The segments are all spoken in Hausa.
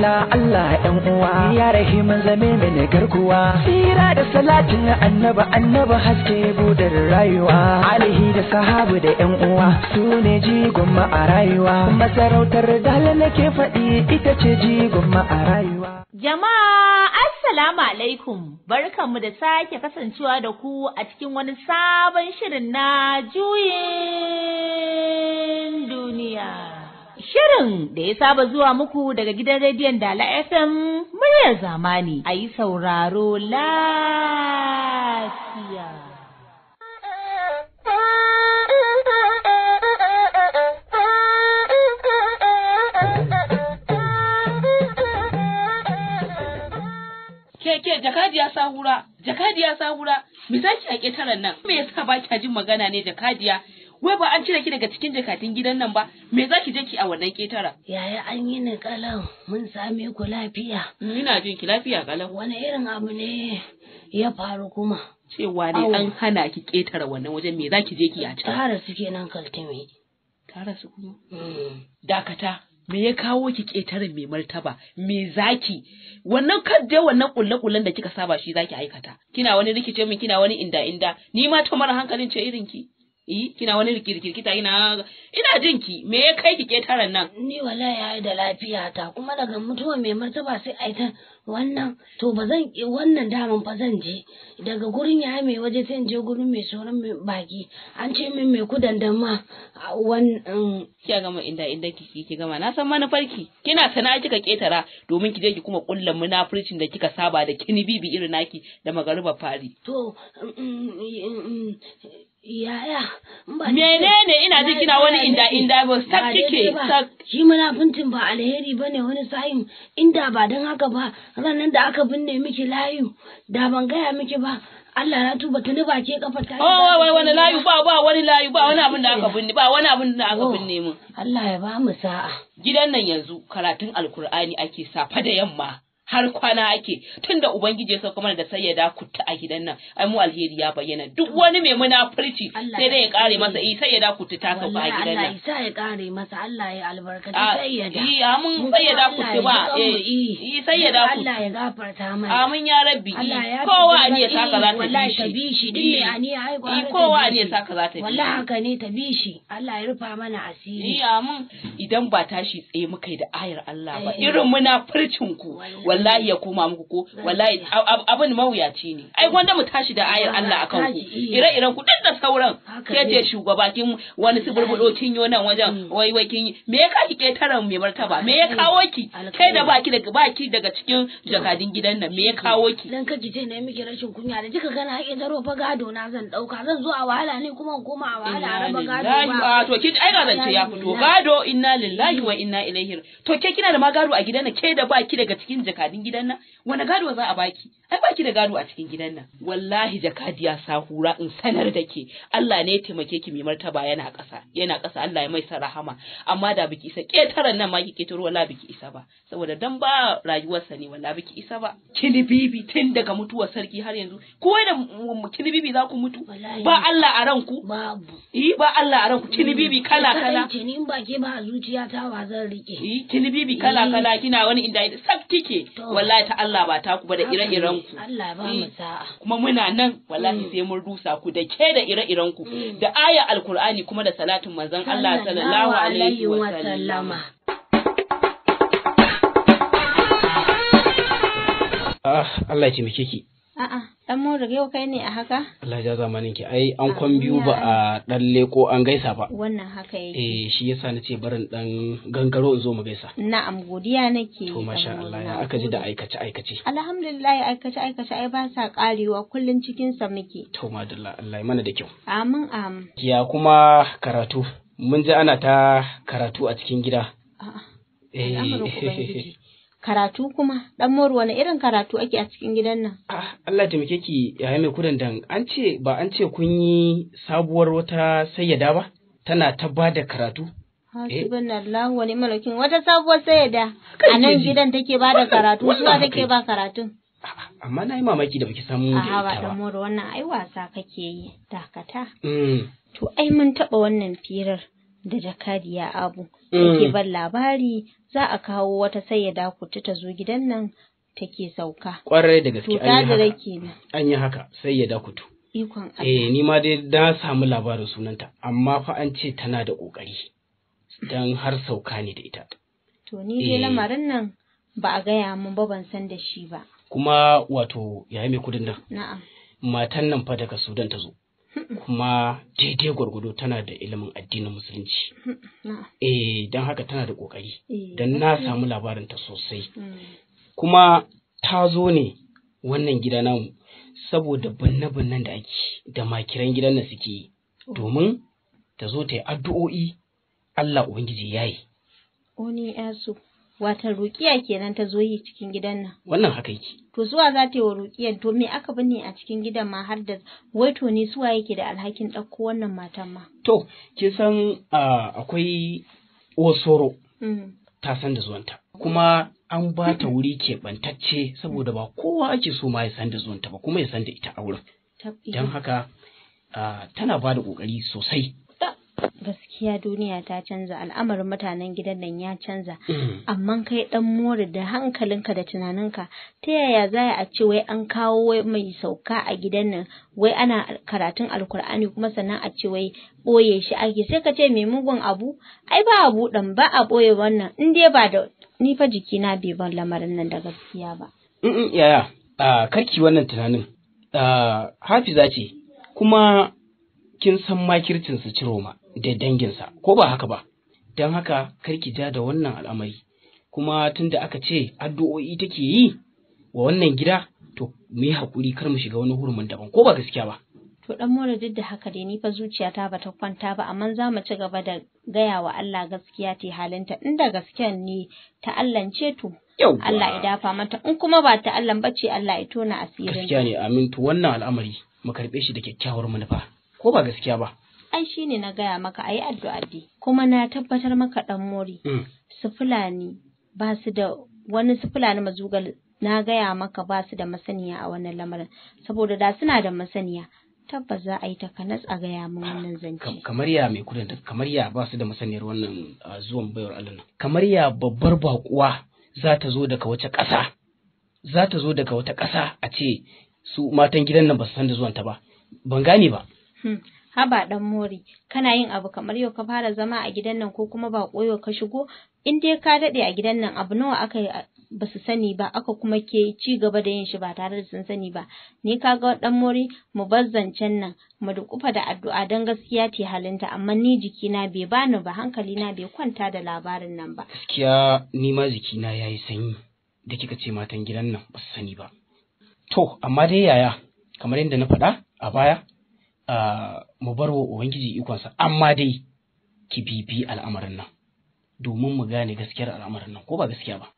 Allah Allah ƴan uwa ya man zame mini garkuwa tsira da salatin annaba annaba haske budar rayuwa alihi da sahabu da ƴan uwa su ne jigon a rayuwa masarautar dala nake faɗi ita ce jigon a rayuwa jama'a assalamu alaikum barkanmu da sake kasancewa da ku a cikin wani sabon shirin na juyin duniya shirin da ya saba zuwa muku daga gidan rediyon Dala FM muryar zamani a yi sauraro lafiya. Keke jakadiya sahura, jakadiya sahura, misaki a ƙetaren nan, me ya saka baki jin magana ne jakadiya wai ba an cire ki daga cikin jakatun gidan nan ba me za ki je ki a wannan ketara yaya an yi ni kalan mun same ku lafiya mm, ina jin ki lafiya kalan wani irin abu ne ya faru kuma cewa ne an hana ki ketara wannan wajen me za ki je ki a can tara su nan kaltume tara su kuma mm. dakata me ya kawo ki ƙetare mai martaba me zaki wannan kadde wannan kulle-kullen da kika saba shi zaki aikata kina wani rikice min kina wani inda inda ni ma ta mara hankalin ce irin ki eh kina wani kita ina ina jin ki me ya kai ki ketaran nan ni wala ya da lafiya ta kuma daga mutuwa mai martaba sai ai ta wannan to ba zan wannan daman fa zan je daga gurin ya mai waje sai je gurin mai sauran mai baki an ce min mai kudan da ma wannan um, kiya gama inda inda kike ki gama na san manufarki kina sana kika ketara domin ki je ki kuma kullan munafircin da kika saba da kini bibi irin naki da magaruba fari to um, um, yaya menene ina ji kina wani inda inda ba sak kike sak shi munafuncin ba alheri bane wani sa'in inda ba dan haka ba ranar da aka binne miki layu da ban gaya miki ba Allah na tuba tuni ba ke kafa ta. Oh wai wani layu ba ba wani layu ba wani abin da aka binne ba wani abin da aka oh, binne mun. Allah ya ba mu sa'a. Gidan nan yanzu karatun Alkur'ani ake safa da yamma. har kwana ake tunda ubangiji ya sauka mana da sai ya dakuta a gidan nan ai mu alheri ya bayyana duk wani mai munafurci sai dai ya kare masa eh sai ya dakuta ta sauka a gidan nan Allah ya kare masa Allah ya albarkaci ah, sai ya da eh amin sai ya dakuta ba eh, eh sai ya dakuta Allah ya gafarta mai amin ya rabbi eh, kowa ne ya saka za ta bi shi ta bi shi din ne ani ai gwa kowa ne ya saka za ta bi wallahi haka ne ta bi shi Allah ya rufa mana asiri eh amin idan ba tashi tsaye muka yi da ayar Allah ba eh. irin munafurcin ku wallahi wallahi ya koma muku ko wallahi abin mawuyaci ne ai wanda mu tashi da ayar Allah kan ku eh. ire-iren ku duk da sauran ke je kin wani suburbudo cinyo nan wajen mm. wai wai kin me ya kaki ketaren mai martaba me ya mm. kawo ki kai da baki daga baki daga cikin jakadin gidan nan me ya mm. kawo ki dan ka je ne miki rashin kunya da kika gana haƙin daro fa gado na zan dauka zan zo a wahala ne kuma in koma a wahala a raba gado ba to ki ai ga zance ya fito gado inna lillahi wa inna ilaihi to ke kina da magado a gidan ke da baki daga cikin jakadin abin gidan nan wani gado za a baki ai baki da gado a cikin gidan nan wallahi jakadiya sahura in sanar da ke Allah ne ya taimake ki mai martaba yana ƙasa yana ƙasa Allah ya mai sa rahama amma da biki isa ƙetaren nan ma ki ƙetaro wala biki isa ba saboda dan ba rayuwarsa ne wala biki isa ba kilibibi tun daga mutuwar sarki har yanzu ko da kilibibi za ku mutu ba Allah a ranku babu eh ba Allah a ranku kilibibi mm. kala kala in ba ke ba zuciya ta wa zan rike eh kilibibi kala kala kina wani inda sak ke? wallahi ta Allah ba taku ba da ire-iren ku eh, kuma muna nan wallahi mm. sai mun rusa ku da ke da ire-iren ku mm. da aya alkur'ani kuma da salatin manzon Allah sallallahu alaihi wa sallama ah, Allah ya muke ki A'a, dan Morrig yau kai ne a haka? Allah ja zamanin ki. Ai an kwan biyu ba a dan leko an gaisa ba. Wannan haka yake. Eh shi yasa na ce barin dan gangaro in zo mu gaisa. Na'am godiya nake. To masha Allah ya aka ji da aikace aikace. Alhamdulillah aikace aikace ai ba sa karewa kullun cikin sa muke. To madalla Allah ya mana da kyau. Amin amin. Ya kuma karatu. Mun ji ana ta karatu a cikin gida. A'a. Eh. Karatu kuma, dan mor wani irin karatu ake a cikin gidan nan? Ah, Allah ta muke ki yaya mai kudan dan an ce ba an ce kun yi sabuwar wata sayyada ba? Tana ta ba da karatu? Eh. Hasbunallahu wa ni'mal wakil wata sabuwar sayyada a nan gidan take ba da karatu kuma take ba karatun. Amma na yi mamaki da baki samu da ita ba. dan mor wannan ai wasa kake yi dakata. Mm. To ai mun taɓa wannan firar. da jakadiya abu mm. take ban labari za a kawo wata sayyada ya ta zo gidan nan take sauka kwarai da gaske an yi haka sai ya dakutu ikon eh ni ma dai na samu labarin sunanta amma fa an ce tana da kokari dan har sauka ne da ita to ni dai eh. lamarin nan ba a gaya mun ba ban san da shi ba kuma wato yayi mai kudin nan na'am matan nan fa daga Sudan ta zo kuma daidai gwargwado tana da ilimin addinin musulunci hmm. eh don haka tana da kokari eh, don na samu labarinta sosai hmm. kuma ta zo ne wannan gida namu saboda banne-bannen da ake da makiran gidan nan suke yi oh. domin ta zo ta yi addu'o'i Allah Ubangiji ya yi. wata Rukiya kenan ta zo yi cikin gidan nan. Wannan haka yake. To zuwa za ta yi wa Rukiyan to me aka binne a cikin gidan ma har da wai to ne suwa yake da alhakin ɗauko wannan matan ma. To kin san akwai osoro. Mm. Ta san da zuwanta. Kuma an ba ta wuri keɓantacce saboda ba kowa ake so ma ya san da zuwanta ba kuma ya san da ita a wurin. Don haka tana ba da ƙoƙari sosai gaskiya duniya ta canza al'amarin mutanen gidan nan ya canza mm. amma kai dan more da hankalinka da tunaninka ta yaya za a ce wai an kawo wai mai sauka a gidan nan wai ana karatun alkur'ani kuma sannan a ce wai boye shi ake sai ka ce mai mugun abu ai ba abu dan ba a boye wannan in dai ba da ni fa jikina bai ban lamarin nan da gaskiya ba yaya ah, karki wannan tunanin ah, hafiza ce kuma kin san makircin su ciro ma da danginsa ko ba haka ba don haka karki ja da wannan al'amari kuma tunda aka ce addu'o'i take yi wa wannan gida to mu yi haƙuri kar mu shiga wani hurumin daban ko ba gaskiya ba to dan mora duk da haka dai ni fa zuciyata bata kwanta ba amma za mu ci gaba da gaya wa Allah gaskiya ta halinta inda gaskiyan ne ta Allah ce to Allah ya dafa mata in kuma ba ta Allah ce Allah ya tona asirin gaskiya ne amin to wannan al'amari mu karbe shi da kyakkyawar manufa ko ba gaskiya ba ai shi ne na gaya maka a yi addu'addi kuma na tabbatar maka ɗan mori mm. su fulani ba su da wani su fulani mazugal na gaya maka ba su da masaniya a wannan lamarin saboda da suna da masaniya tabbas za a yi takanas a gaya mu wannan zance kamar ya mai kudin kamar ya ba su da masaniyar wannan zuwan bayar Allah nan kamar ya babbar bakuwa za ta zo daga wata ƙasa za ta zo daga wata ƙasa a ce su matan gidan nan ba su san da zuwanta ba ban gane ba hmm. haba dan mori kana yin abu kamar yau ka fara zama a gidan nan ko kuma ba koyo ka shigo in dai ka dade a gidan nan abu nawa aka ba su sani ba aka kuma ke ci gaba da yin shi ba tare da sun sani ba ni kaga dan mori mu bazzancen nan mu dukufa da addu'a dan gaskiya ce halinta amma ni jikina bai bani ba na bai kwanta da labarin nan ba gaskiya ni ma jikina yayi sanyi da kika ce matan gidan nan ba su sani ba to amma dai yaya kamar yadda na faɗa a baya mu bar wa ubangiji ikonsa amma dai ki bibi al'amarin nan domin mu gane gaskiyar al'amarin nan ko ba gaskiya ba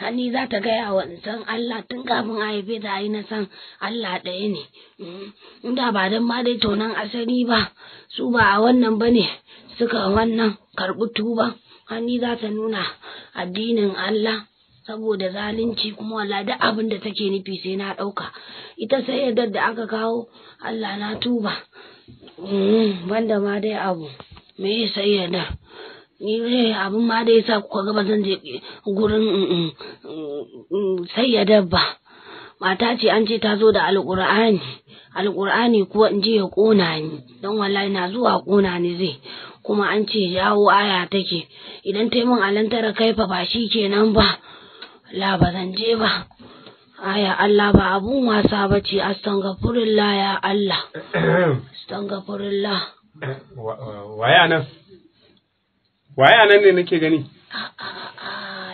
Hani za ta gaya wa san Allah tun kafin a haife ta yi na san Allah ɗaya ne, mm, inda ba don ma dai tonon asali ba, su ba a wannan ba ne suka wannan karɓi tuba, Hanni za ta nuna addinin Allah saboda zalunci kuma wallahi duk abin da take nufi sai na ɗauka ita sai yadda da aka kawo Allah na tuba mm, banda ma dai abu me ya sai ni dai abin ma dai sa kuka ga zan je gurin mm, mm, sai ba mata ce an ce ta zo da alƙur'ani alƙur'ani kuwa in je ya ƙona ni don wallahi na zuwa ƙona ni zai kuma an ce jawo aya take idan ta yi min alantara kaifa ba shi kenan ba la ba zan je ba aya Allah ba abun wasa ba ce astaghfirullah ya Allah astaghfirullah waye anan waye anan ne nake gani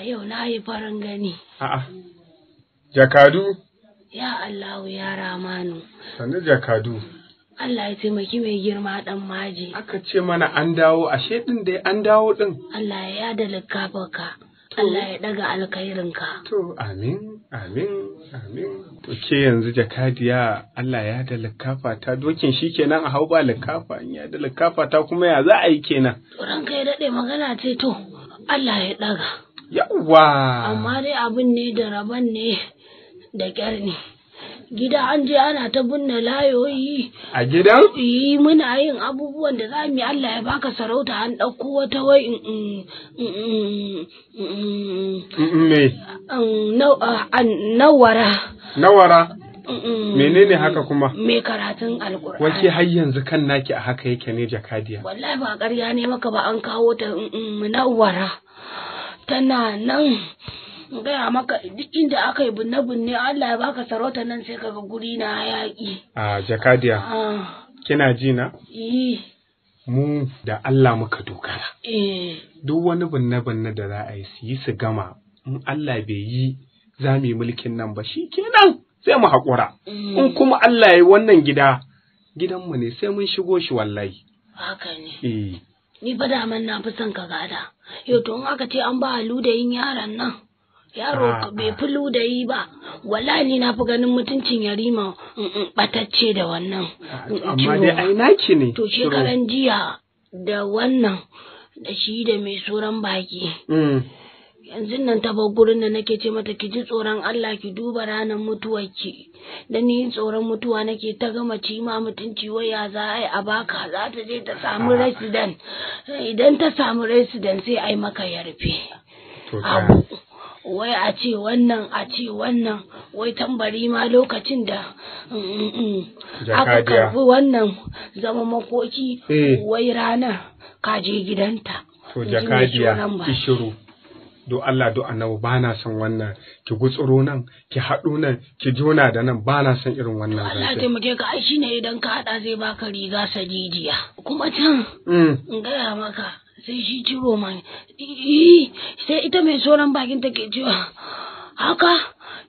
yau na yi farin gani a'a jakadu ya Allah ya ramanu sanin jakadu Allah ya taimaki mai girma ɗan maji. Aka ce mana an dawo, ashe ɗin da an dawo ɗin. Allah ya dalaka baka Allah ya daga alkhairinka. To, amin, amin, amin. To, ke yanzu jakadiya Allah ya da likafa ta dokin shi kenan a hau ba likafa, in ya da likafa ta kuma ya za a yi kenan. Tsoron kai daɗe magana ce to, Allah ya daga. Yawwa! Amma dai abin ne da rabon ne da ƙyar ne. gida an je ana ta binne layoyi. A gidan? Yi muna yin abubuwan da za mu yi Allah ya baka sarauta an ɗauko wata wai mm, mm, mm, me? Nawara. Nawara? menene haka kuma me karatun alkur'ani wace har yanzu kan naki a haka yake ne jakadiya wallahi ba ƙarya ne maka ba an kawo ta na'uwara tana nan in gaya maka duk inda aka yi binne-binne Allah ya baka sarauta nan sai kaga guri na yaƙi. A Jakadiya. Ah. Kina ji na? Eh. Mu da Allah muka dogara. Eh. Duk wani binne-binne da za a yi su yi su gama in Allah bai yi za mu yi mulkin nan ba shi kenan sai mu haƙura. Mm. In kuma Allah ya yi wannan gida gidan mu ne sai mun shigo shi wallahi. Haka ne. Eh. Ni ba daman na fi son ka gada. Yau to in aka ce an ba alu da yin yaran nan. yaro bai fi da yi ba wallahi ni na fi ganin mutuncin yarima batacce da wannan amma dai ne to shekaran jiya da wannan da shi da mai tsoron baki mm. yanzu nan ta bagurin da nake ce mata ki ji tsoron Allah ki duba ranar ki da ni tsoron mutuwa nake ta gama ci ma mutunci wai ya za a yi a baka za ta je ta samu resident idan ta samu resident sai ai maka yarfe wai a ce wannan a ce wannan wai tambari ma lokacin da mm, mm, mm, aka karbi wannan zama makoki eh. wai rana kaje gidanta to jakadiya ishiru do Allah do annabu ba na son wannan ki gutsuro nan ki haɗu nan ki jona da nan ba na son irin wannan zai Allah taimake ka ai shine idan ka haɗa zai baka riga sajijiya kuma can in gaya maka sai shi ciwo man yi sai ita mai soran bakin take cewa haka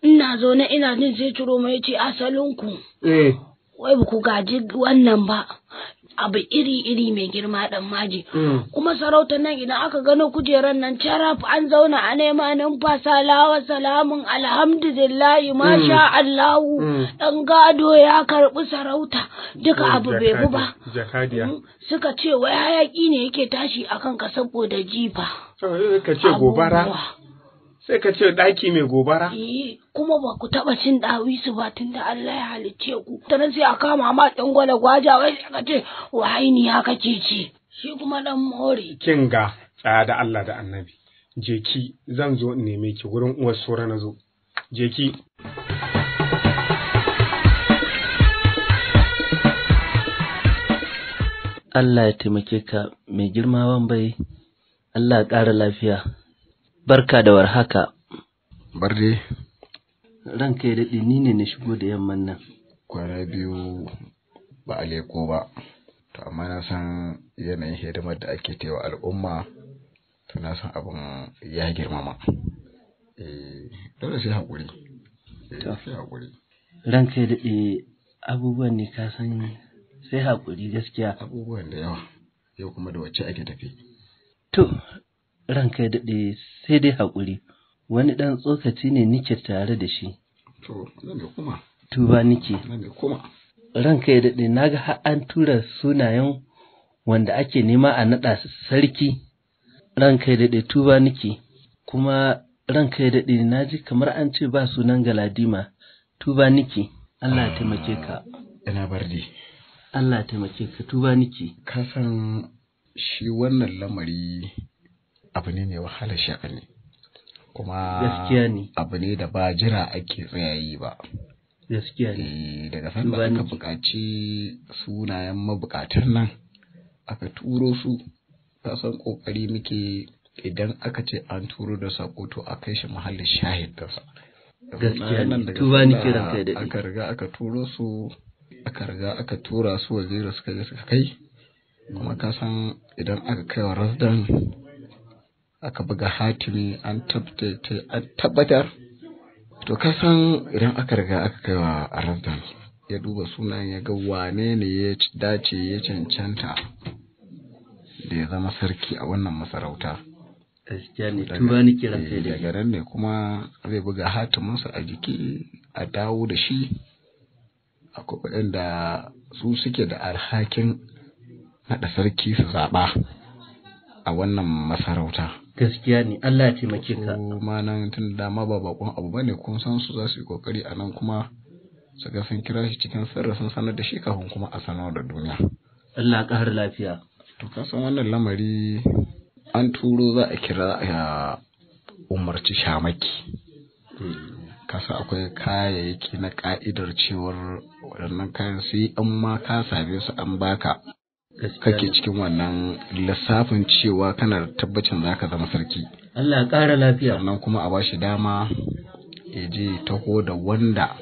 ina zo ina jin sai ciro mai ce asalinku eh wai ba ku gaji wannan ba abu iri-iri mai girma dan maji. Mm. Kuma sarauta nan idan aka gano kujeran nan caraf an zauna a nema numfasa lawa salamun alhamdulillahi mm. masha Allahu mm. dan gado ya karbi sarauta duka abu bai bu ba. Suka ce wai hayaki ne yake tashi akan ka saboda jifa. Eh, ka ce gobara. sai ka ce ɗaki mai gobara? Eh, kuma ba ku taɓa cin ɗawisu ba tun da Allah ya halicce ku. Tana sai a kama ma ɗan gwada gwaja wai sai ka ce haka kake ci. Shi kuma ɗan more. Kin ga tsaya da Allah da annabi. Jeki zan zo in neme ki wurin uwar sora na zo. Jeki. Allah ya taimake ka mai girma wan bai, Allah ƙara lafiya. Barka da warhaka. Barde. Ranka ya daɗe ni ne na shigo da yamman nan. Kwana biyu ba a leko ba. To amma na san yanayin hidimar da ake tewa al'umma to na san abin ya girmama. Eh, dole sai haƙuri. Eh, to. Sai haƙuri. Ranka ya daɗe abubuwan ne ka san sai haƙuri gaskiya. Abubuwan da yawa. Yau kuma da wacce ake tafi. To, ranka ya daɗe sai dai haƙuri wani ɗan tsokaci ne nike tare da shi tuba nike ranka ya daɗe na ga an tura sunayen wanda ake nema a naɗa sarki ranka ya daɗe tuba nike kuma ranka ya daɗe na ji kamar an ce ba sunan galadima tuba nike Allah ya taimake ka ina bardi Allah ya taimake ka tuba nike ka san shi wannan lamari abu ne mai wahala sha'ani kuma abu ne da ba jira ake tsayayi ba gaskiya ne eh, daga sanda aka buƙaci sunayen mabukatan nan aka turo su san ƙoƙari muke idan aka ce an turo da sako to a kai shi muhallin shahid da sa gaskiya ne tuba ni kiran kai da aka riga aka turo su aka riga aka tura su da suka ga suka kai kuma ka san idan aka kai wa rasdan aka buga hatimi an tabbatar to kasan idan aka riga aka kai wa arazan ya duba sunan ya ga wane ne ya dace ya cancanta da ya zama sarki a wannan masarauta eh, daga nan ne kuma zai buga hatiminsa a jiki a dawo da shi a kuɗin da su suke da alhakin naɗa sarki su zaɓa a wannan masarauta gaskiya ne Allah ya taimake ka kuma nan tun da dama ba bakon abu bane kun san su za su yi kokari a nan kuma su ga sun kira shi cikin sirri sanar da shi kafin kuma a sanar da duniya Allah ya har lafiya to ka san wannan lamari an turo za a kira ya umarci shamaki kasa akwai kayayyaki na ka'idar cewar waɗannan kayan sai an ma ka same su an baka kake cikin wannan lissafin cewa kana tabbacin za ka zama sarki Allah ƙara lafiya sannan kuma a bashi dama ya je taho da wanda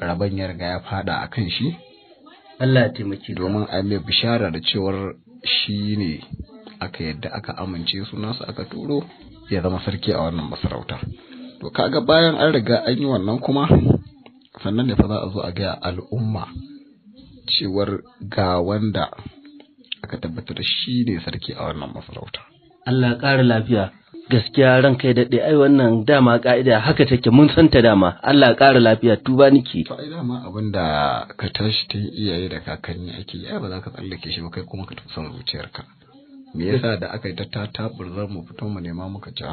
rabon ya riga ya fada a kan shi Allah ya taimaki domin a mai bishara da cewar shi ne aka yadda aka amince sunansu aka turo ya zama sarki a wannan masarauta to kaga bayan an riga an yi wannan kuma sannan ne fa za a zo a ga al'umma cewar ga wanda aka tabbatar shi ne sarki a wannan masarauta Allah ƙara lafiya gaskiya ran kai daɗe ai wannan dama ƙa'ida. haka take mun san ta dama Allah ƙara lafiya tuba niki to ai abin da ka tashi tun iyaye da kakanni ake yi ba za ka tsallake shi ba kai kuma ka tafi son zuciyarka me yasa da aka yi ta tatabar za mu fito mu nema muka ci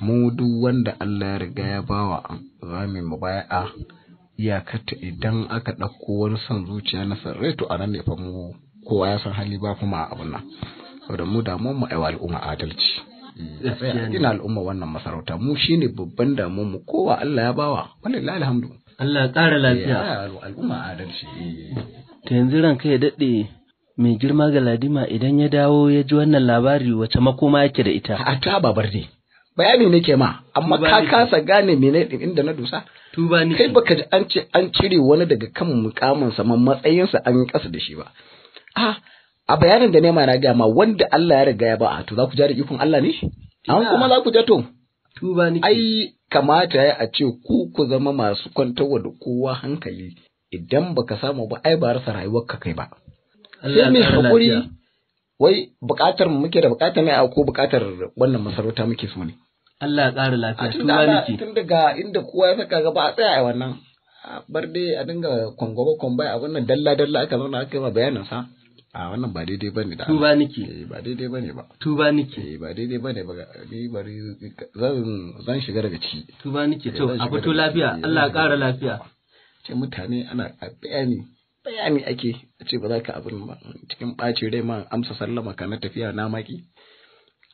mu duk wanda Allah ya riga ya bawa za mu mu bai'a iyakata idan aka ɗauko wani son zuciya na sarrai to nan ne fa mu kowa ya san hali ba kuma abun nan saboda mu damuwar mu aiwa al'umma adalci ina al'umma wannan masarauta mu shine babban damuwar mu kowa Allah ya bawa wallahi alhamdu Allah ya kara lafiya al'umma adalci to yanzu ran kai daɗe mai girma ga ladima idan ya dawo ya ji wannan labari wace makoma yake da ita a ta babar ne bayani nake ma amma ka kasa gane mene inda na dusa tuba ni kai baka ji an ce an cire wani daga kan mukamin sa matsayinsa an an kasa da shi ba a bayanin da nema na gaya ma wanda Allah ya riga ya ba to za ku ja da ikon Allah ne an kuma za ku ja to tuba ni ai kamata ya a ce ku ku zama masu kwantarwa da kowa hankali idan baka samu ba ai ba rasa rayuwarka kai ba sai mai hakuri wai bukatar muke da bukatar ne? ko bukatar wannan masarauta muke so ne Allah ya ƙara lafiya tuba nake tun daga inda kowa ya saka gaba a tsaya a wannan bar dai a dinga kwangwaba kwambaya a wannan dalla dalla aka zauna aka yi ma bayanin sa a wannan ba daidai bane da tuba nike eh, ba daidai bane ba tuba nike eh, ba daidai bane ba ni bari zan zan shiga daga ciki tuba nike to a fito lafiya eh, Allah ya ƙara lafiya ce mutane ana bayani bayani ake a ce ba za ka abin ba cikin ɓaci rai ma amsa sallama kana tafiya na maki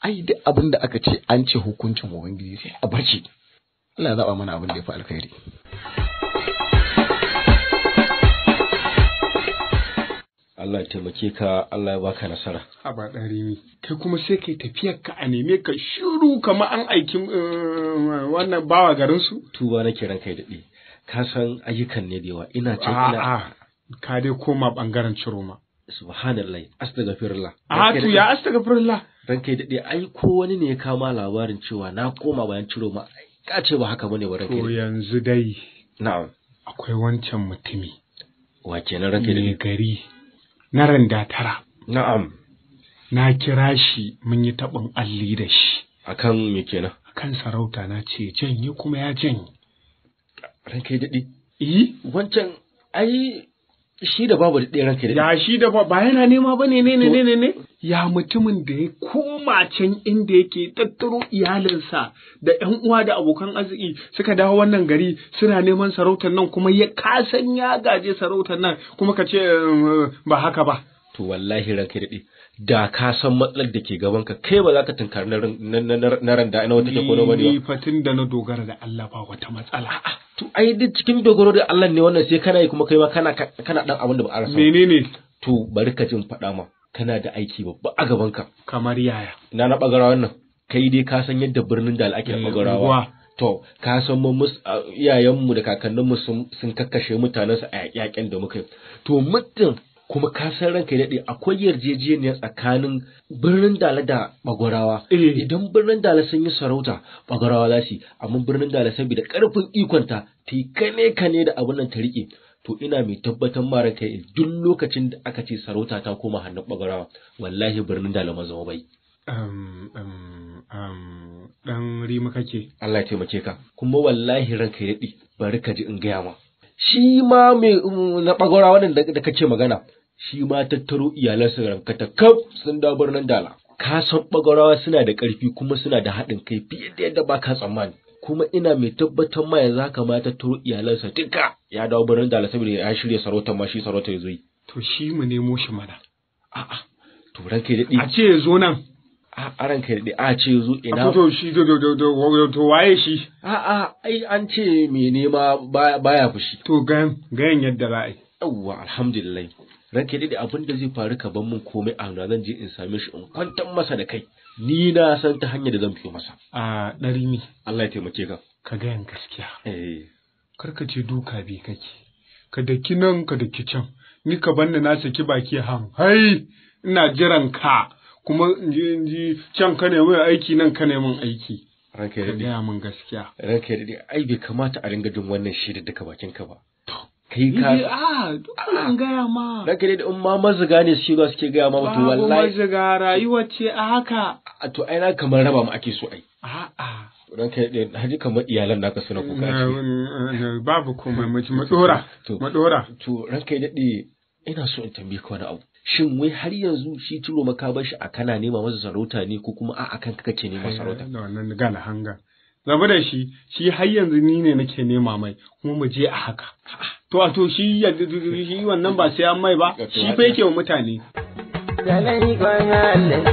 ai duk abin da aka ce an ce hukuncin ubangiji sai a barci Allah ya zaba mana abin da ya fi alkhairi Allah ya taimake ka Allah ya baka nasara a ba ɗari kai kuma sai kai tafiyar ka a neme ka shiru kamar an aikin eh, wannan bawa garin su tuba na kiran kai daɗe ka san ayyukan ne da yawa ina can ina ka dai koma bangaren ciroma subhanallah astaghfirullah a to ya astaghfirullah dan kai daɗe ai ko wani ne ya kama labarin cewa na koma bayan ciroma ka ce ba haka bane ba ranka to yanzu dai na'am akwai wancan mutumi wa kenan ranke daɗe gari na randa tara. Na'am. Na kira shi mun yi taɓin alli da shi. Akan me kenan? Akan sarauta na ce janye kuma ya janye. Ranka yi daɗi? Eh. Wancan ai shi da babu ɗaya ranka ya shi da ba yana nema ba ne ne ne ne ne ya mutumin da ya koma can inda yake tattaro iyalinsa da 'yan uwa da abokan arziki suka dawo wannan gari suna neman sarautar nan kuma ya kasan ya gaje sarautar nan kuma ka ce um, um, ba haka ba to wallahi ranka daɗe da ka san matsalar da ke gaban ka kai ba za ka tunkari na ran da na wata ke kono ba ne ba. Ni fatin da na dogara da Allah ba wata matsala. to ai duk cikin dogaro da Allah ne wannan sai kana yi kuma kai ma kana kana dan abin da ba a rasa menene to bari ka jin faɗa ma kana da aiki babba a gaban ka kamar yaya ina na bagara wannan kai dai ka san yadda birnin da ake bagarawa eh, to ka san mu iyayenmu da kakanninmu sun kakkashe mutanen su a yaƙen da muka yi to mutum kuma ka san ranka daɗe akwai yarjejeniya tsakanin birnin dala da bagwarawa eh. idan birnin dala sun yi sarauta bagwarawa za su amma birnin dala saboda ƙarfin ikonta ta yi kane kane da abin nan ta riƙe to ina mai tabbatar mara ranka duk lokacin da aka ce sarauta ta koma hannun bagwarawa wallahi birnin dala ma zama bai ɗan rima kake. Allah ya taimake ka, kuma wallahi ranka ya daɗi, bari ka ji in gaya ma. Shi ma mai um, na ɓagora wannan da kake magana, shi ma tattaro iyalansa rankata kaf sun da birnin dala ka san bagarawa suna da ƙarfi kuma suna da haɗin kai fiye da yadda ba ka tsammani kuma ina mai tabbatar ma yanzu haka ma tattaro iyalansa duka ya dawo birnin dala saboda ya shirya sarautar ma shi sarautar ya zo yi to shi mu nemo shi mana a'a to ranka ya daɗe a ce ya zo nan a ranka ya daɗe a ce ya zo ina to shi to waye shi a'a ai an ce mai nema baya fushi to gan gayan yadda za a yi yawwa alhamdulillah ranke dai abin da zai faru ka ban mun komai a na zan je in same shi in kwantar masa da kai ni na san ta hanyar da zan fi masa a ne. Allah ya taimake ka ka ga yan gaskiya eh ka ce duka bi kake ka daki nan ka daki can ni ka banna na saki baki han hai ina jiran ka kuma in ji can ka ne, nemi aiki nan ka ne mun aiki dai ya mun Ka gaya gaskiya. Ranke dai daɗe, ai bai kamata a ringa jin wannan da duka bakin ka ba. kai ka a dukkan ah, gaya ma da kai da umma mazuga ne suke zuwa suke gaya ma to wallahi mazuga rayuwa ce a haka a to ai kamar raba mu ake so ai a a don kai da haji kamar iyalan naka suna kuka ce eh, babu komai mu mu dora to ran kai dade ina so in tambaye ka wani abu shin wai har yanzu shi turo maka a kana nema masa sarauta ne ko kuma a'a kan kake nema sarauta wannan gala hanga rabu da shi shi har yanzu ni ne nake nema mai kuma mu je a haka to a to shi shi wannan ba sai an mai ba shi fa yake wa mutane dalai kan Allah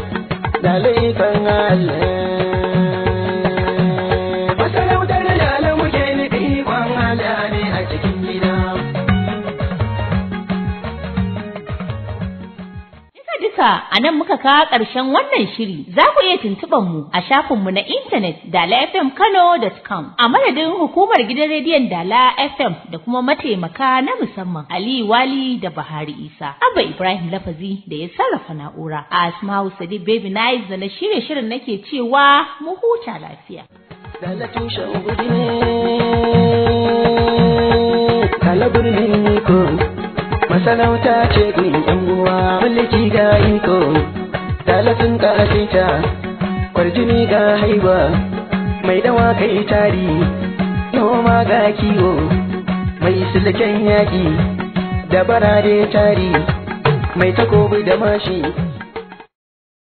dalai kan Allah haka a nan muka kawo ƙarshen wannan shiri. Za ku iya tuntuɓar mu a shafin mu na intanet dalafmkano.com a madadin hukumar gidan rediyon Dala FM da kuma mataimaka na musamman Ali Wali da Bahari Isa. Abba Ibrahim Lafazi da ya sarrafa na'ura. A Asma'u sadi, Baby Nice da na shirye shirin nake cewa mu huta lafiya. masalauta ce in yan uwa mulki ga iko talatin ƙarfe ta kwarjini ga haiba mai dawa kai tari noma ga kiwo mai silken yaƙi da barare tari mai takobi da mashi